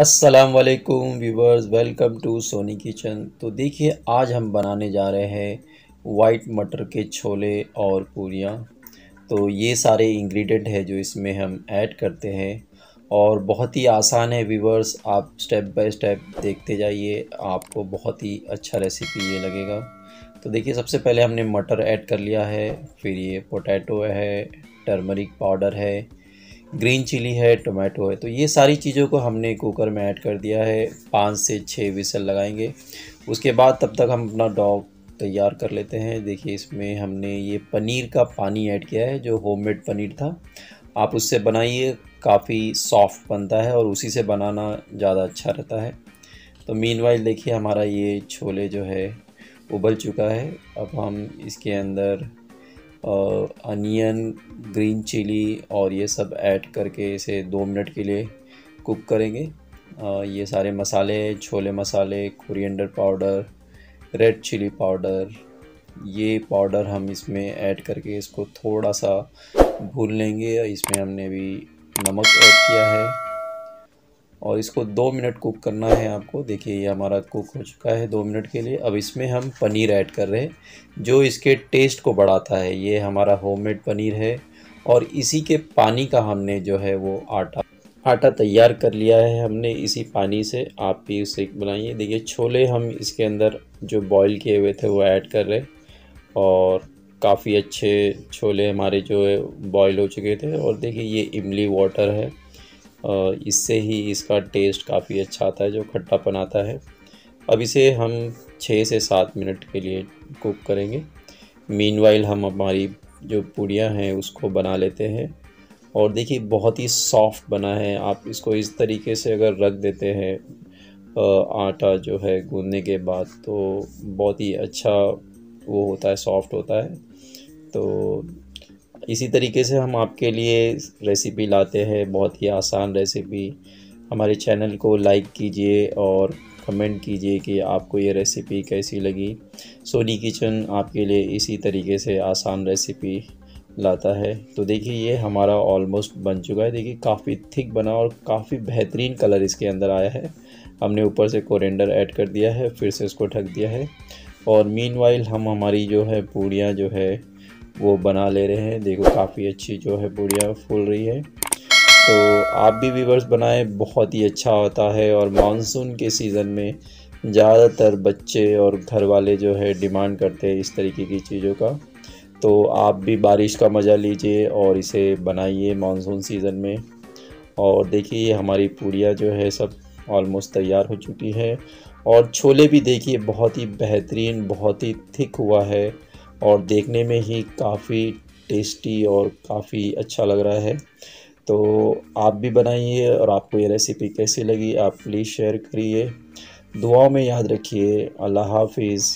अस्सलाम वालेकुम viewers welcome to Soni kitchen तो देखिए आज हम बनाने जा रहे हैं वाइट मटर के छोले और पूरियाँ तो ये सारे इंग्रेडिएंट है जो इसमें हम ऐड करते हैं और बहुत ही आसान है व्यूवर्स आप स्टेप बाय स्टेप देखते जाइए आपको बहुत ही अच्छा रेसिपी ये लगेगा तो देखिए सबसे पहले हमने मटर ऐड कर लिया है फिर ये पोटैटो है टर्मरिक पाउडर है ग्रीन चिली है टोमेटो है तो ये सारी चीज़ों को हमने कुकर में ऐड कर दिया है पाँच से छः विसल लगाएंगे उसके बाद तब तक हम अपना डॉग तैयार कर लेते हैं देखिए इसमें हमने ये पनीर का पानी ऐड किया है जो होममेड पनीर था आप उससे बनाइए काफ़ी सॉफ्ट बनता है और उसी से बनाना ज़्यादा अच्छा रहता है तो मीन देखिए हमारा ये छोले जो है उबल चुका है अब हम इसके अंदर अनियन ग्रीन चिली और ये सब ऐड करके इसे दो मिनट के लिए कुक करेंगे ये सारे मसाले छोले मसाले coriander powder red chili powder ये पाउडर हम इसमें ऐड करके इसको थोड़ा सा भून लेंगे इसमें हमने भी नमक ऐड किया है और इसको दो मिनट कुक करना है आपको देखिए ये हमारा कुक हो चुका है दो मिनट के लिए अब इसमें हम पनीर ऐड कर रहे हैं जो इसके टेस्ट को बढ़ाता है ये हमारा होममेड पनीर है और इसी के पानी का हमने जो है वो आटा आटा तैयार कर लिया है हमने इसी पानी से आप भी उसे बनाइए देखिए छोले हम इसके अंदर जो बॉईल किए हुए थे वो ऐड कर रहे और काफ़ी अच्छे छोले हमारे जो है बॉयल हो चुके थे और देखिए ये इमली वाटर है इससे ही इसका टेस्ट काफ़ी अच्छा आता है जो खट्टापन आता है अब इसे हम छः से सात मिनट के लिए कुक करेंगे मीन हम हमारी जो पूड़ियाँ हैं उसको बना लेते हैं और देखिए बहुत ही सॉफ्ट बना है आप इसको इस तरीके से अगर रख देते हैं आटा जो है गूंदने के बाद तो बहुत ही अच्छा वो होता है सॉफ्ट होता है तो इसी तरीके से हम आपके लिए रेसिपी लाते हैं बहुत ही आसान रेसिपी हमारे चैनल को लाइक कीजिए और कमेंट कीजिए कि आपको ये रेसिपी कैसी लगी सोनी किचन आपके लिए इसी तरीके से आसान रेसिपी लाता है तो देखिए ये हमारा ऑलमोस्ट बन चुका है देखिए काफ़ी थिक बना और काफ़ी बेहतरीन कलर इसके अंदर आया है हमने ऊपर से कोरेंडर ऐड कर दिया है फिर से इसको ढक दिया है और मीन हम हमारी जो है पूड़ियाँ जो है वो बना ले रहे हैं देखो काफ़ी अच्छी जो है बुढ़िया फूल रही है तो आप भी वीवर्स बनाएं बहुत ही अच्छा होता है और मानसून के सीज़न में ज़्यादातर बच्चे और घर वाले जो है डिमांड करते हैं इस तरीके की चीज़ों का तो आप भी बारिश का मज़ा लीजिए और इसे बनाइए मानसून सीज़न में और देखिए हमारी पूड़िया जो है सब ऑलमोस्ट तैयार हो चुकी है और छोले भी देखिए बहुत ही बेहतरीन बहुत ही थिक हुआ है और देखने में ही काफ़ी टेस्टी और काफ़ी अच्छा लग रहा है तो आप भी बनाइए और आपको ये रेसिपी कैसी लगी आप प्लीज़ शेयर करिए दुआओं में याद रखिए अल्लाह हाफिज़